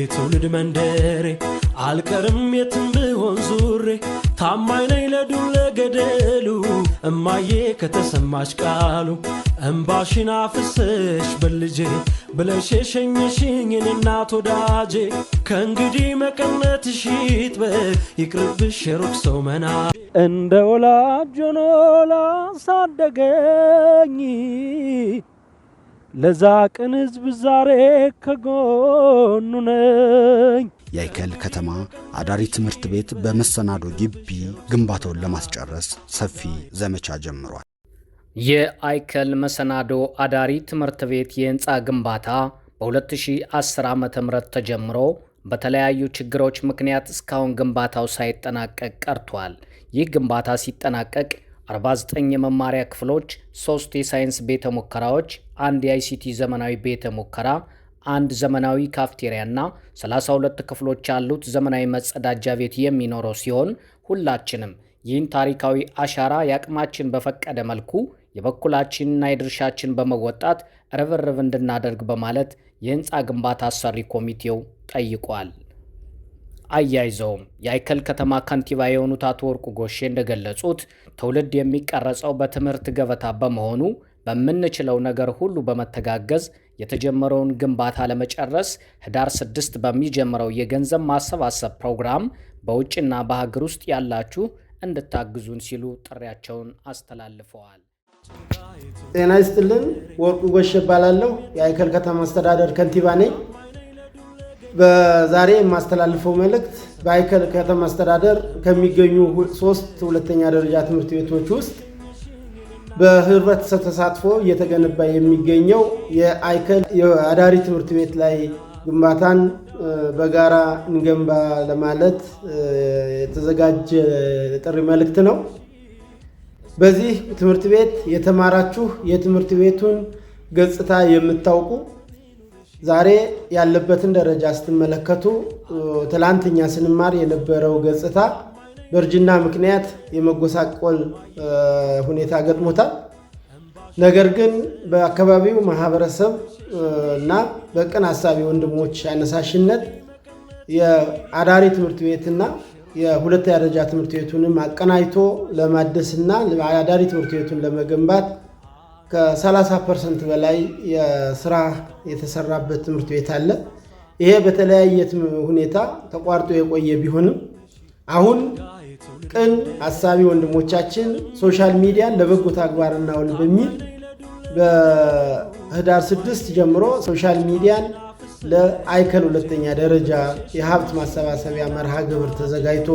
የትውልድ መንደሬ አልቀርም የትም ብሆን ዙሬ ታማኝ ነኝ ለዱር ለገደሉ እማዬ ከተሰማች ቃሉ እምባሽን አፍሰሽ በልጄ ብለሽ የሸኘሽኝን እናት ወዳጄ ከእንግዲህ መቀነትሽ በ ይቅርብሽ የሩቅ ሰው መና እንደ ወላጅ ሆኖ ላሳደገኝ ለዛ ቅን ህዝብ ዛሬ ከጎኑ ነኝ። የአይከል ከተማ አዳሪ ትምህርት ቤት በመሰናዶ ግቢ ግንባታውን ለማስጨረስ ሰፊ ዘመቻ ጀምሯል። የአይከል መሰናዶ አዳሪ ትምህርት ቤት የህንፃ ግንባታ በ2010 ዓ ም ተጀምሮ በተለያዩ ችግሮች ምክንያት እስካሁን ግንባታው ሳይጠናቀቅ ቀርቷል። ይህ ግንባታ ሲጠናቀቅ 49 የመማሪያ ክፍሎች፣ 3 የሳይንስ ቤተ ሙከራዎች፣ አንድ የአይሲቲ ዘመናዊ ቤተ ሙከራ፣ አንድ ዘመናዊ ካፍቴሪያና 32 ክፍሎች ያሉት ዘመናዊ መጸዳጃ ቤት የሚኖረው ሲሆን ሁላችንም ይህን ታሪካዊ አሻራ የአቅማችን በፈቀደ መልኩ የበኩላችንና የድርሻችን በመወጣት ርብርብ እንድናደርግ በማለት የህንፃ ግንባታ አሰሪ ኮሚቴው ጠይቋል። አያይዘውም የአይከል ከተማ ከንቲባ የሆኑት አቶ ወርቁ ጎሼ እንደገለጹት ትውልድ የሚቀረጸው በትምህርት ገበታ በመሆኑ በምንችለው ነገር ሁሉ በመተጋገዝ የተጀመረውን ግንባታ ለመጨረስ ህዳር ስድስት በሚጀምረው የገንዘብ ማሰባሰብ ፕሮግራም በውጭና በሀገር ውስጥ ያላችሁ እንድታግዙን ሲሉ ጥሪያቸውን አስተላልፈዋል። ጤና ይስጥልን። ወርቁ ጎሼ እባላለሁ። የአይከል ከተማ አስተዳደር ከንቲባ ነኝ። በዛሬ የማስተላልፈው መልእክት በአይከል ከተማ አስተዳደር ከሚገኙ ሶስት ሁለተኛ ደረጃ ትምህርት ቤቶች ውስጥ በህብረተሰብ ተሳትፎ እየተገነባ የሚገኘው የአይከል የአዳሪ ትምህርት ቤት ላይ ግንባታን በጋራ እንገንባ ለማለት የተዘጋጀ ጥሪ መልእክት ነው። በዚህ ትምህርት ቤት የተማራችሁ የትምህርት ቤቱን ገጽታ የምታውቁ ዛሬ ያለበትን ደረጃ ስትመለከቱ ትላንትኛ ስንማር የነበረው ገጽታ በእርጅና ምክንያት የመጎሳቆል ሁኔታ ገጥሞታል። ነገር ግን በአካባቢው ማህበረሰብ እና በቅን አሳቢ ወንድሞች አነሳሽነት የአዳሪ ትምህርት ቤትና የሁለተኛ ደረጃ ትምህርት ቤቱንም አቀናጅቶ ለማደስና አዳሪ ትምህርት ቤቱን ለመገንባት ከ30 ፐርሰንት በላይ የስራ የተሰራበት ትምህርት ቤት አለ። ይሄ በተለያየ ሁኔታ ተቋርጦ የቆየ ቢሆንም አሁን ቅን አሳቢ ወንድሞቻችን ሶሻል ሚዲያን ለበጎ ተግባር እናውል በሚል በህዳር ስድስት ጀምሮ ሶሻል ሚዲያን ለአይከል ሁለተኛ ደረጃ የሀብት ማሰባሰቢያ መርሃ ግብር ተዘጋጅቶ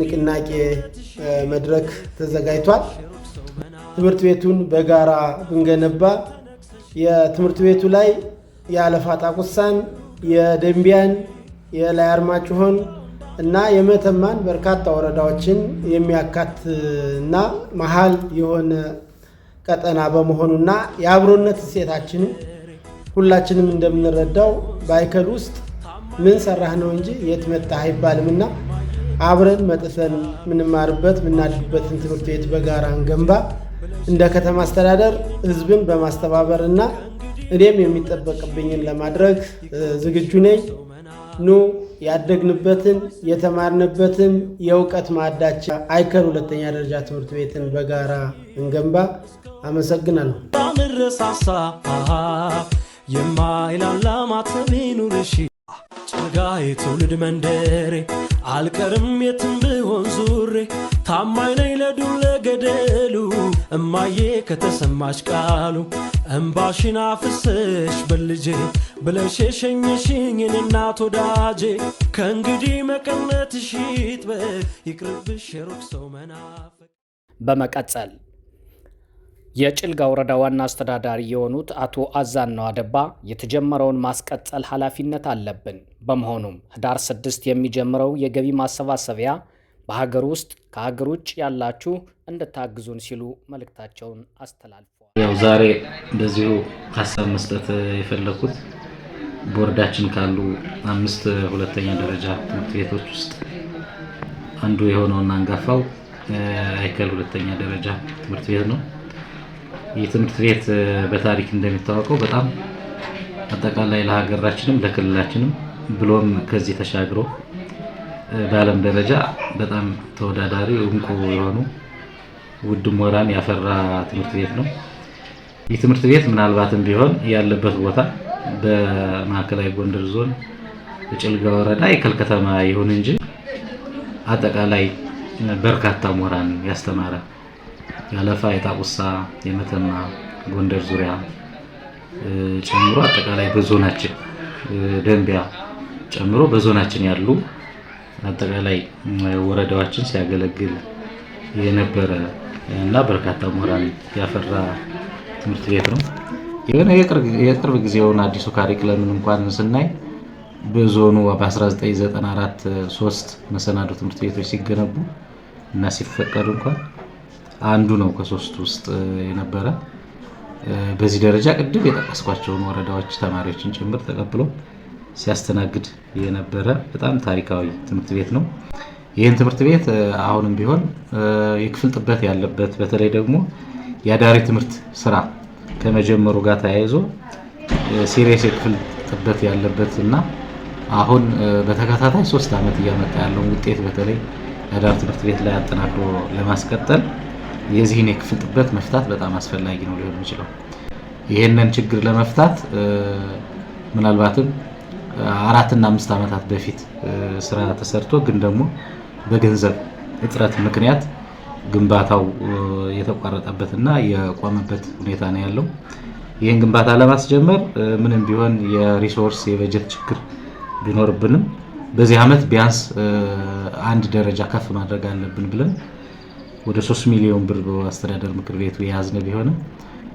ንቅናቄ መድረክ ተዘጋጅቷል። ትምህርት ቤቱን በጋራ ብንገነባ የትምህርት ቤቱ ላይ የአለፋጣ ቁሳን፣ የደንቢያን፣ የላይ አርማጭሆን እና የመተማን በርካታ ወረዳዎችን የሚያካትና መሀል የሆነ ቀጠና በመሆኑ ና የአብሮነት ሴታችን ሁላችንም እንደምንረዳው ባይከል ውስጥ ምን ሰራህ ነው እንጂ የት መጣህ ና አብረን መጥተን የምንማርበት የምናድርበትን ትምህርት ቤት በጋራ እንገንባ። እንደ ከተማ አስተዳደር ህዝብን በማስተባበር እና እኔም የሚጠበቅብኝን ለማድረግ ዝግጁ ነኝ። ኑ ያደግንበትን የተማርንበትን የእውቀት ማዕዳችን አይከን ሁለተኛ ደረጃ ትምህርት ቤትን በጋራ እንገንባ። አመሰግናለሁ። ምረሳሳ የማይላላ ጭጋ የትውልድ መንደሬ አልቀርም የትም ብሆን ዙሬ ታማኝ ነኝ ለዱር ለገደሉ እማዬ ከተሰማሽ ቃሉ እምባሽን አፍስሽ በልጄ ብለሽ የሸኘሽኝን እናት ወዳጄ ከእንግዲህ መቀነትሽ ይጥበብ ይቅርብሽ የሩቅ ሰው መናፈቅ። በመቀጠል የጭልጋ ወረዳ ዋና አስተዳዳሪ የሆኑት አቶ አዛናው አደባ የተጀመረውን ማስቀጠል ኃላፊነት አለብን። በመሆኑም ህዳር ስድስት የሚጀምረው የገቢ ማሰባሰቢያ በሀገር ውስጥ ከሀገር ውጭ ያላችሁ እንድታግዙን ሲሉ መልእክታቸውን አስተላልፈዋል። ያው ዛሬ በዚሁ ሀሳብ መስጠት የፈለኩት ቦርዳችን ካሉ አምስት ሁለተኛ ደረጃ ትምህርት ቤቶች ውስጥ አንዱ የሆነውና አንጋፋው አይከል ሁለተኛ ደረጃ ትምህርት ቤት ነው። ይህ ትምህርት ቤት በታሪክ እንደሚታወቀው በጣም አጠቃላይ ለሀገራችንም ለክልላችንም ብሎም ከዚህ ተሻግሮ በዓለም ደረጃ በጣም ተወዳዳሪ እንቁ የሆኑ ውድ ምሁራን ያፈራ ትምህርት ቤት ነው። ይህ ትምህርት ቤት ምናልባትም ቢሆን ያለበት ቦታ በማዕከላዊ ጎንደር ዞን በጭልጋ ወረዳ የከል ከተማ ይሁን እንጂ አጠቃላይ በርካታ ምሁራን ያስተማረ ያለፋ፣ የጣቁሳ፣ የመተማ፣ ጎንደር ዙሪያ ጨምሮ አጠቃላይ በዞናችን ደንቢያ ጨምሮ በዞናችን ያሉ አጠቃላይ ወረዳዎችን ሲያገለግል የነበረ እና በርካታ ምሁራን ያፈራ ትምህርት ቤት ነው። የሆነ የቅርብ ጊዜውን አዲሱ ካሪክለምን እንኳን ስናይ በዞኑ በ1994 ሶስት መሰናዶ ትምህርት ቤቶች ሲገነቡ እና ሲፈቀዱ እንኳን አንዱ ነው ከሶስቱ ውስጥ የነበረ። በዚህ ደረጃ ቅድም የጠቀስኳቸውን ወረዳዎች ተማሪዎችን ጭምር ተቀብሎ ሲያስተናግድ የነበረ በጣም ታሪካዊ ትምህርት ቤት ነው። ይህን ትምህርት ቤት አሁንም ቢሆን የክፍል ጥበት ያለበት በተለይ ደግሞ የአዳሪ ትምህርት ስራ ከመጀመሩ ጋር ተያይዞ ሲሪየስ የክፍል ጥበት ያለበት እና አሁን በተከታታይ ሶስት ዓመት እያመጣ ያለውን ውጤት በተለይ የአዳሪ ትምህርት ቤት ላይ አጠናክሮ ለማስቀጠል የዚህን የክፍል ጥበት መፍታት በጣም አስፈላጊ ነው ሊሆን የሚችለው ይህንን ችግር ለመፍታት ምናልባትም አራትና አምስት ዓመታት በፊት ስራ ተሰርቶ ግን ደግሞ በገንዘብ እጥረት ምክንያት ግንባታው የተቋረጠበትና የቆመበት ሁኔታ ነው ያለው። ይህን ግንባታ ለማስጀመር ምንም ቢሆን የሪሶርስ የበጀት ችግር ቢኖርብንም በዚህ ዓመት ቢያንስ አንድ ደረጃ ከፍ ማድረግ አለብን ብለን ወደ ሶስት ሚሊዮን ብር በአስተዳደር ምክር ቤቱ የያዝነ ቢሆንም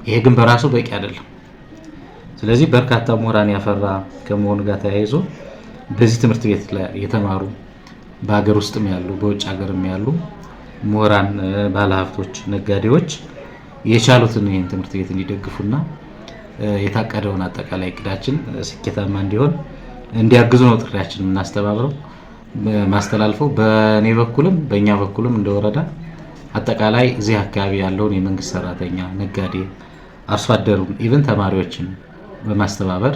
ይሄ ግን በራሱ በቂ አይደለም። ስለዚህ በርካታ ምሁራን ያፈራ ከመሆኑ ጋር ተያይዞ በዚህ ትምህርት ቤት የተማሩ በሀገር ውስጥም ያሉ በውጭ ሀገርም ያሉ ምሁራን፣ ባለሀብቶች፣ ነጋዴዎች የቻሉትን ይህን ትምህርት ቤት እንዲደግፉና የታቀደውን አጠቃላይ እቅዳችን ስኬታማ እንዲሆን እንዲያግዙ ነው ጥሪያችን የምናስተባብረው ማስተላልፈው። በእኔ በኩልም በእኛ በኩልም እንደወረዳ አጠቃላይ እዚህ አካባቢ ያለውን የመንግስት ሰራተኛ፣ ነጋዴ፣ አርሶ አደሩን ኢቨን ተማሪዎችን በማስተባበር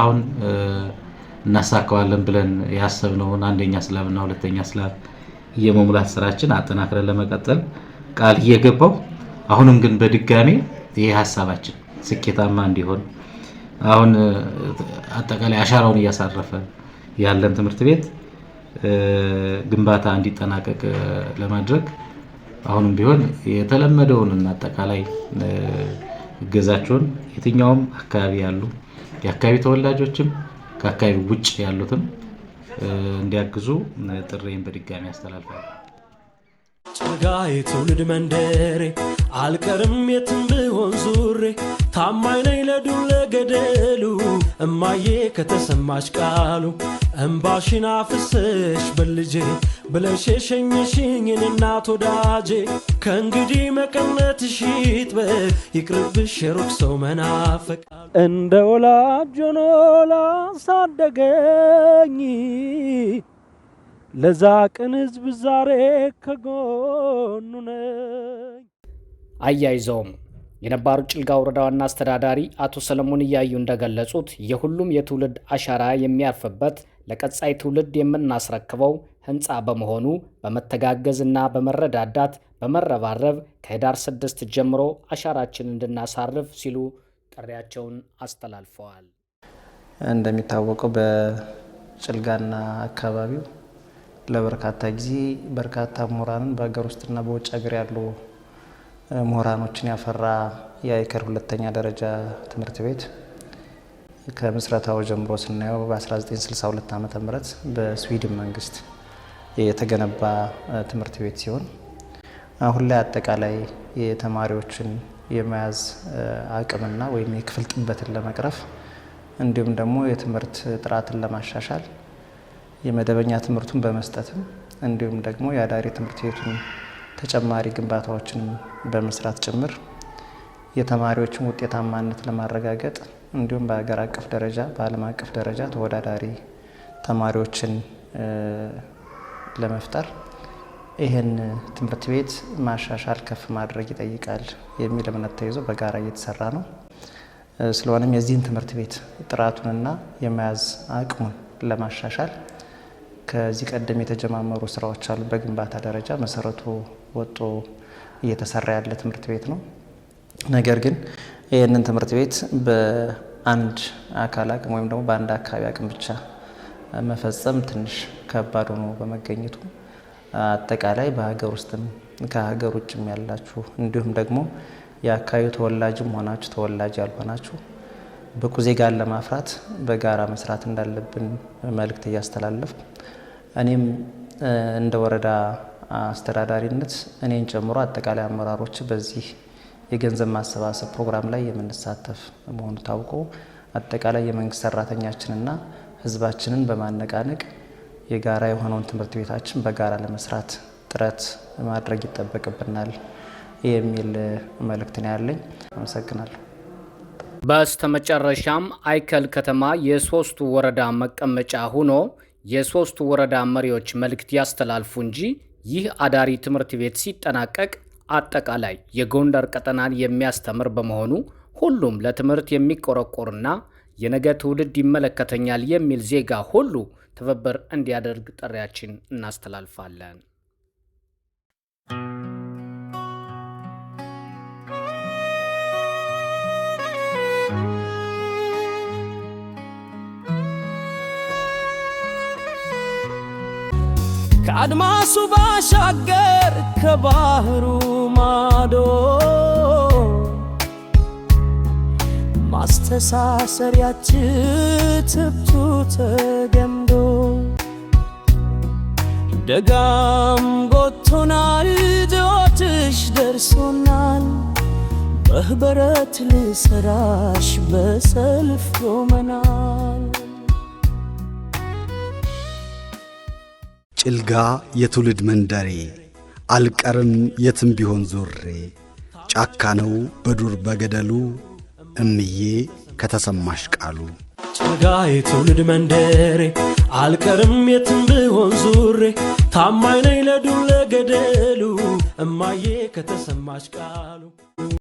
አሁን እናሳካዋለን ብለን ያሰብነውን አንደኛ ስላብ እና ሁለተኛ ስላብ የመሙላት ስራችን አጠናክረን ለመቀጠል ቃል እየገባው አሁንም ግን በድጋሜ ይህ ሀሳባችን ስኬታማ እንዲሆን አሁን አጠቃላይ አሻራውን እያሳረፈ ያለን ትምህርት ቤት ግንባታ እንዲጠናቀቅ ለማድረግ አሁንም ቢሆን የተለመደውን እና አጠቃላይ እገዛችሁን የትኛውም አካባቢ ያሉ የአካባቢ ተወላጆችም ከአካባቢ ውጭ ያሉትም እንዲያግዙ ጥሬን በድጋሚ ያስተላልፋል። ጭልጋ የትውልድ መንደሬ አልቀርም የትም ብሆን ዙሬ ታማኝ ነኝ ለዱር ለገደሉ እማዬ ከተሰማች ቃሉ እምባሽን አፍስሽ በልጄ ብለሽ የሸኘሽኝን እናት ወዳጄ ከእንግዲህ መቀመጥሽ ይጥበብ ይቅርብሽ የሩቅ ሰው መናፈቅ እንደ ወላጅ ሆኖ ላሳደገኝ ለዛ ቅን ህዝብ ዛሬ ከጎኑ ነኝ። አያይዘውም የነባሩ ጭልጋ ወረዳ ዋና አስተዳዳሪ አቶ ሰለሞን እያዩ እንደገለጹት የሁሉም የትውልድ አሻራ የሚያርፍበት ለቀጻይ ትውልድ የምናስረክበው ህንፃ በመሆኑ በመተጋገዝና በመረዳዳት በመረባረብ ከህዳር ስድስት ጀምሮ አሻራችን እንድናሳርፍ ሲሉ ጥሪያቸውን አስተላልፈዋል። እንደሚታወቀው በጭልጋና አካባቢው ለበርካታ ጊዜ በርካታ ምሁራንን በሀገር ውስጥና በውጭ ሀገር ያሉ ምሁራኖችን ያፈራ የአይከር ሁለተኛ ደረጃ ትምህርት ቤት ከምስረታው ጀምሮ ስናየው በ1962 ዓ ም በስዊድን መንግስት የተገነባ ትምህርት ቤት ሲሆን አሁን ላይ አጠቃላይ የተማሪዎችን የመያዝ አቅምና ወይም የክፍል ጥበትን ለመቅረፍ እንዲሁም ደግሞ የትምህርት ጥራትን ለማሻሻል የመደበኛ ትምህርቱን በመስጠትም እንዲሁም ደግሞ የአዳሪ ትምህርት ቤቱን ተጨማሪ ግንባታዎችን በመስራት ጭምር የተማሪዎችን ውጤታማነት ለማረጋገጥ እንዲሁም በሀገር አቀፍ ደረጃ በዓለም አቀፍ ደረጃ ተወዳዳሪ ተማሪዎችን ለመፍጠር ይህን ትምህርት ቤት ማሻሻል ከፍ ማድረግ ይጠይቃል የሚል እምነት ተይዞ በጋራ እየተሰራ ነው። ስለሆነም የዚህን ትምህርት ቤት ጥራቱንና የመያዝ አቅሙን ለማሻሻል ከዚህ ቀደም የተጀማመሩ ስራዎች አሉ። በግንባታ ደረጃ መሰረቱ ወጦ እየተሰራ ያለ ትምህርት ቤት ነው። ነገር ግን ይህንን ትምህርት ቤት በአንድ አካል አቅም ወይም ደግሞ በአንድ አካባቢ አቅም ብቻ መፈጸም ትንሽ ከባድ ሆኖ በመገኘቱ አጠቃላይ በሀገር ውስጥም ከሀገር ውጭም ያላችሁ እንዲሁም ደግሞ የአካባቢው ተወላጅም ሆናችሁ ተወላጅ ያልሆናችሁ ብቁ ዜጋን ለማፍራት በጋራ መስራት እንዳለብን መልእክት እያስተላለፍ እኔም እንደ ወረዳ አስተዳዳሪነት እኔን ጨምሮ አጠቃላይ አመራሮች በዚህ የገንዘብ ማሰባሰብ ፕሮግራም ላይ የምንሳተፍ መሆኑ ታውቆ አጠቃላይ የመንግስት ሰራተኛችንና ህዝባችንን በማነቃነቅ የጋራ የሆነውን ትምህርት ቤታችን በጋራ ለመስራት ጥረት ማድረግ ይጠበቅብናል የሚል መልእክትን ያለኝ። አመሰግናለሁ። በስተመጨረሻም አይከል ከተማ የሶስቱ ወረዳ መቀመጫ ሆኖ የሶስቱ ወረዳ መሪዎች መልእክት ያስተላልፉ እንጂ ይህ አዳሪ ትምህርት ቤት ሲጠናቀቅ አጠቃላይ የጎንደር ቀጠናን የሚያስተምር በመሆኑ ሁሉም ለትምህርት የሚቆረቆርና የነገ ትውልድ ይመለከተኛል የሚል ዜጋ ሁሉ ትብብር እንዲያደርግ ጥሪያችን እናስተላልፋለን። ከአድማሱ ባሻገር ከባህሩ ማዶ አስተሳሰሪያችን ትብቱ ተገምዶ ደጋም ጎቶናል ጆትሽ ደርሶናል በህብረት ልሰራሽ በሰልፍ ቆመናል። ጭልጋ የትውልድ መንደሬ አልቀርም የትም ቢሆን ዞሬ ጫካ ነው በዱር በገደሉ እምዬ ከተሰማሽ ቃሉ ጨጋ የትውልድ መንደሬ አልቀርም የትም ብሆን ዙሬ ታማኝ ነኝ ለዱር ለገደሉ እማዬ ከተሰማሽ ቃሉ